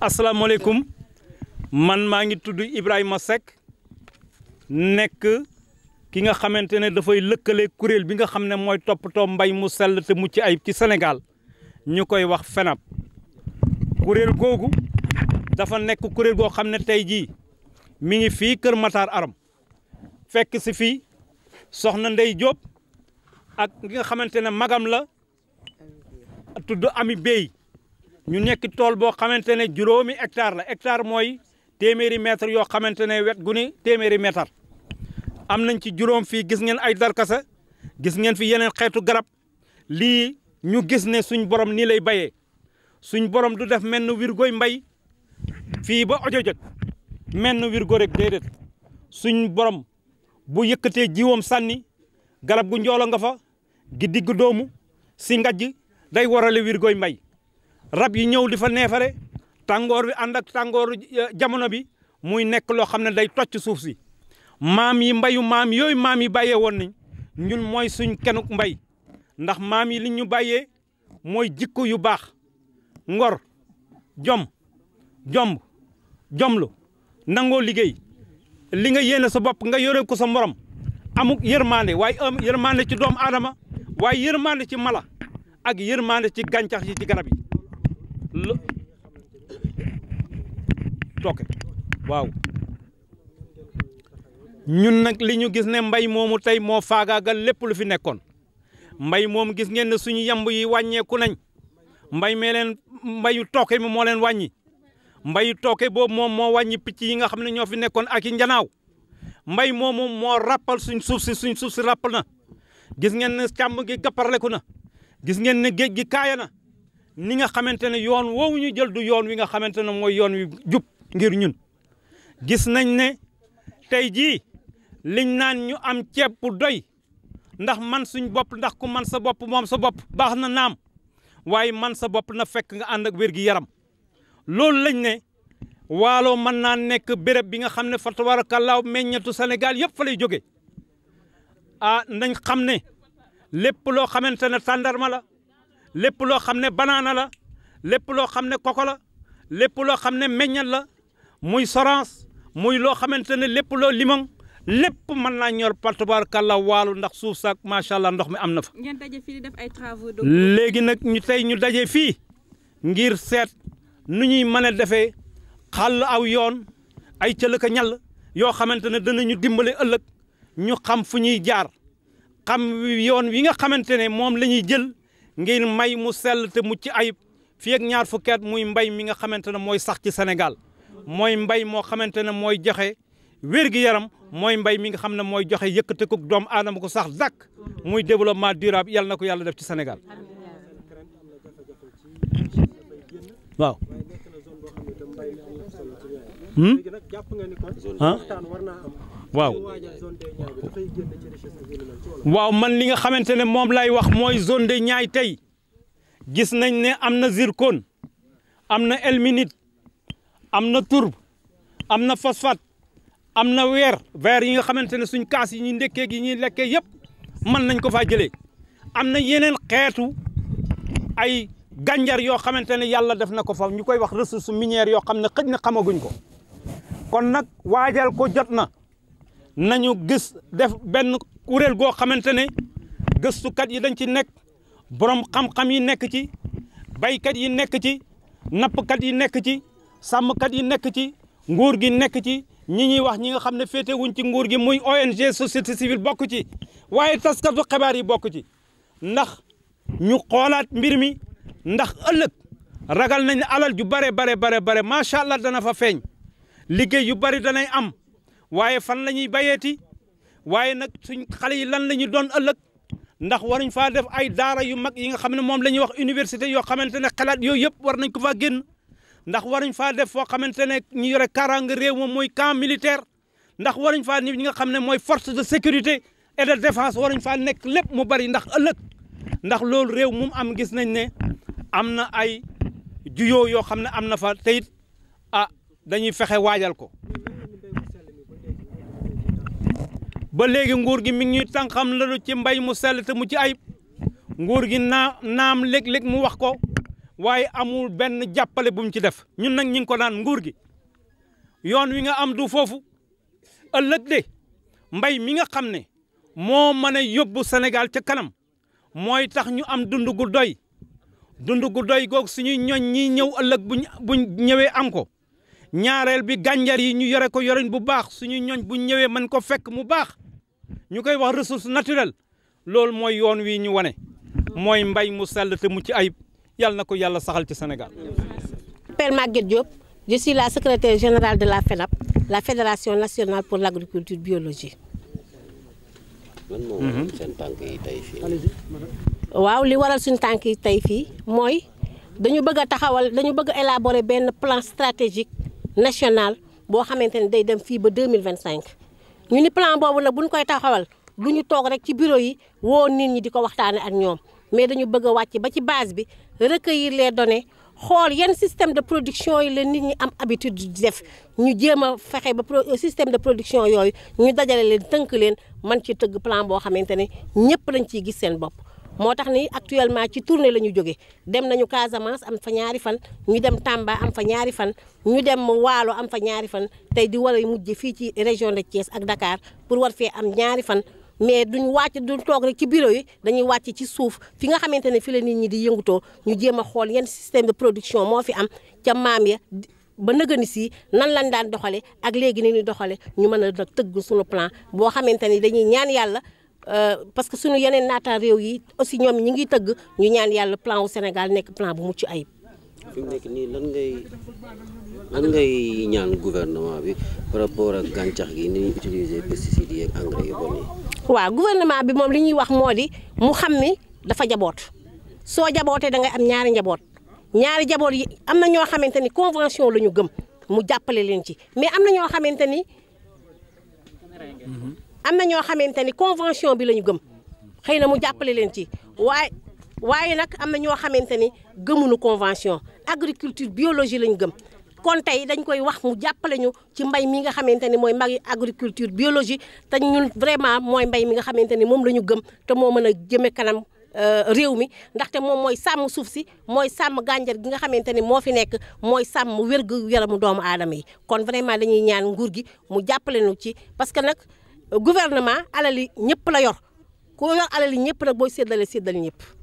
asalaamaaleykum man maa ngi tudd Ibrahima Seck nekk ki nga xamante ne dafay lëkkale kuréel bi nga xam ne mooy toppatoo mbay mu sell te mucc ayib ci senegal ñu koy wax FENAB kuréel googu dafa nekk kuréel goo xam ne tey jii mu ngi fii Kër Matar Aram fekk si fii soxna Ndey Diop ak ki nga xamante ne magam la tudd Ami Bey ñu nekk tool boo xamante ne juróomi hectare la hectare mooy téeméeri mètre yoo xamante ne wet gu ni téeméeri mètre am nañ ci juróom fii gis ngeen ay darkasa gis ngeen fi yeneen xeetu garab lii ñu gis ne suñ borom nii lay bayee suñ borom du def menn wirgoy mbay fii ba ojo menn wirgo rek déedéet suñ borom bu yëkkatee jiwam sànni garab gu njoolo nga fa gi digg doomu si ngajj day warale wirgoy mbay rab yi ñëw di fa neefare tàngoor bi ànd ak tàngooru eh, jamono bi muy nekk loo xam ne day tocc suuf si maam yi mbayu maam yooyu maam yi bàyyee woon nañ ñun mooy suñ kenuk mbay ndax maam yi li ñu bàyyee mooy jikko yu baax ngor jom jomb jomlu nangoo liggéey li nga yéene sa bopp nga yore ko sa morom amuk yërmande waaye yërmande ci doomu aadama waaye yërmande ci mala ak yërmande ci gàncax yi ci garab yi lo tooke waaw ñun nag li ñu gis ne mbay moomu tey moo faagaaga lépp lu fi nekkoon mbay moom gis ngeen ne suñu yamb yi wàññeeku nañ mbay mee leen mbayu tooke mi moo leen wàññi mbayu tooke boobu moom moo wàññi picc yi nga xam ne ñoo fi nekkoon ak i njanaaw mbay moomu moo rappal suñ suuf si suñ suuf si rappal na gis ngeen ne càmm gi gapparleku na gis ngeen ne géej gi kaaya na ni nga xamante ne yoon woowu ñu jël du yoon wi nga xamante ne mooy yoon wi jub ngir ñun gis nañ ne tey jii liñ naan ñu am ceeb bu doy ndax man suñ bopp ndax ku man sa bopp moom sa bopp baax na naam waaye man sa bopp na fekk nga ànd ak wér yaram loolu lañ ne waalo mën naa nekk béréb bi nga xam ne fa tabarakallaahu meññetu senegal yëpp fa lay jóge a ah, nañ xam ne lépp loo xamante ne tàndarma la lépp loo xam ne banaana la lépp loo xam ne koko la lépp loo xam ne meññal la muy sorance muy loo xamante ne lépp loo limon lépp mën naa ñor partebar kàlla waalu ndax suuf saak macha allah ndox mi am na fa. ngeen daje fii def ay travaux. léegi nag ñu tey ñu daje fii ngir seet nu ñuy mën a defee xàll aw yoon ay cëlëka ñal yoo xamante ne danañu dimbale ëllëg ñu xam fu ñuy jaar xam yoon wi nga xamante ne moom lañuy jël. ngir may mu sell te mucc ayib fii ak ñaar fukki at muy mbay mi nga xamante ne mooy sax ci senegal mooy mbay moo xamante ne mooy joxe wér-gi-yaram mooy mbay mi nga xam ne mooy joxe yëkkateeku doomu aadama ko sax dàkk muy développement durable yàlla na ko yàlla def ci Sénégal waaw. ah. waaw waaw man li nga xamante ne moom lay wax mooy zone des Niayes tey gis nañ ne am na zircon am na ilménite am na tourbe am na phosphate am na weer weer yi nga xamante ne suñ kaas yi ñuy ndekkee gi ñuy lekkee yëpp mën nañ ko fa jëlee am na yeneen xeetu ay gànjar yoo xamante ne yàlla def na ko fa ñu koy wax ressource minière yoo xam ne xëj na xamaguñ ko kon nag waajal ko jot na nañu gis def benn kuréel goo xamante ne gëstukat yi dañ ci nekk borom xam-xam yi nekk ci baykat yi nekk ci nappkat yi nekk ci sàmmkat yi nekk ci nguur gi nekk ci ñi ñuy wax ñi nga xam ne féete wuñ ci nguur gi muy ONG société civile bokk ci waaye taskatu xibaar yi bokk ci ndax ñu xoolaat mbir mi ndax ëllëg ragal nañ alal ju bare bare bare bare macha allah dana fa feeñ liggéey yu bari danay am waaye fan la ñuy bayeeti waaye nag suñ xale yi lan la ñu doon ëllëg ndax waruñ faa def ay daara yu mag yi nga xam ne moom la ñuy wax université yoo xamante ne xalaat yooyu yëpp war nañ ko faa génn ndax waruñ faa def foo xamante ne ñu yore kaaraange réew moom mooy camp militaire ndax waruñ faa ñi nga xam ne mooy force de sécurité et de défense waruñ faa nekk lépp mu bari ndax ëllëg ndax loolu réew mu am gis nañ ne am na ay juyoo yoo xam ne am na fa te it ah dañuy fexe waajal ko ba léegi nguur gi mi ngi ñuy tànqam lalu ci mbay mu sell te mu ci ayib nguur gi naa naam léeg-léeg mu wax ko waaye amul benn jàppale bum ci def ñun nag ñi ngi ko naan nguur gi yoon wi nga am du foofu ëllëg de mbay mi nga xam ne moo mën a yóbbu senegal ca kanam mooy tax ñu am dund gu doy dund gu doy googu suñuy ñoñ ñi ñëw ëllëg buñ ñëwee am ko ñaareel bi gànjar yi ñu yore ko yorin bu baax suñuy ñoñ buñ ñëwee mën ko fekk mu baax ñu koy wax ressource naturelle loolu mooy yoon wii ñu wane mooy mbay mu sell te mu ci ayib yàlla na ko yàlla saxal ci senegal Père màgget Diop je la secretaire général de la FENAB la fédération nationale pour l' agriculture biologique. Mhm. waaw li waral suñu tànk yi tey fii mooy dañu bëgg a taxawal dañu bëgg a benn plan stratégique national boo xamante ne day dem fii ba deux mille vingt cinq ñu ni plan boobu nag bu ñu koy taxawal du ñu toog rek ci bureau yi woo nit ñi di ko waxtaanee ak ñoom mais dañu bëgg a wàcc ba ci base bi recueillir les données xool yan système de production yi la nit ñi am habitude di def ñu jéem a fexe ba système de production yooyu ñu dajale leen tënk leen man ci tëgg plan boo xamante ne ñëpp lañ ciy gis seen bopp. moo tax ni actuellement ci tournée la ñu jóge dem nañu Casamance am fa ñaari fan ñu dem Tamba am fa ñaari fan ñu dem Waalo am fa ñaari fan tey di war a mujj fii ci région de Thiès ak Dakar pour war fee am ñaari fan mais duñ wàcc duñ toog rek ci bureau yi dañuy wàcc ci suuf fi nga xamante ne fi la nit ñi di yëngutoo ñu jéem a xool yan système de production moo fi am ca maam ya ba nëgëni si nan lañ daan doxale ak léegi ni ñu doxale ñu mën a nag tëgg suñu plan boo xamante ni dañuy ñaan yàlla Euh, parce que suñu yeneen naataan réew yi aussi ñoom ñi ngiy tëgg ñu ñaan yàlla plan wu Sénégal nekk plan bu mucc ayib. fi mu nekk nii lan ngay lan ngay ñaan gouvernement bi par rapport ak gàncax gi ni ñuy utiliser yi ak engrais yu bon yi. waaw gouvernement bi moom li ñuy wax moo di mu xam ni dafa jaboot soo jabootee da ngay am ñaari njaboot ñaari jaboot yi am na ñoo xamante ni convention la ñu gëm mu jàppale leen ci mais am na ñoo xamante ni. Mmh. am na ñoo xamante ni convention bi lañu gëm xëy na mu jàppale leen ci waaye waaye nag am na ñoo xamante ni gëmuñu convention agriculture biologie la ñu gëm kon tey dañ koy wax mu jàppale ñu ci mbay mi nga xamante ni mooy mag agriculture biologie te ñun vraiment mooy mbay mi nga xamante ni moom la ñu gëm te moo mën a jëme kanam euh, réew mi ndaxte moom mooy sàmm suuf si mooy sàmm gànjar gi nga xamante ni moo fi nekk mooy sàmm wér gu yaramu doomu aadama yi kon vraiment dañuy ñaan nguur gi mu jàppale ci gouvernement alali ñëpp la yor ku yor alali ñëpp nag booy séddale séddal ñëpp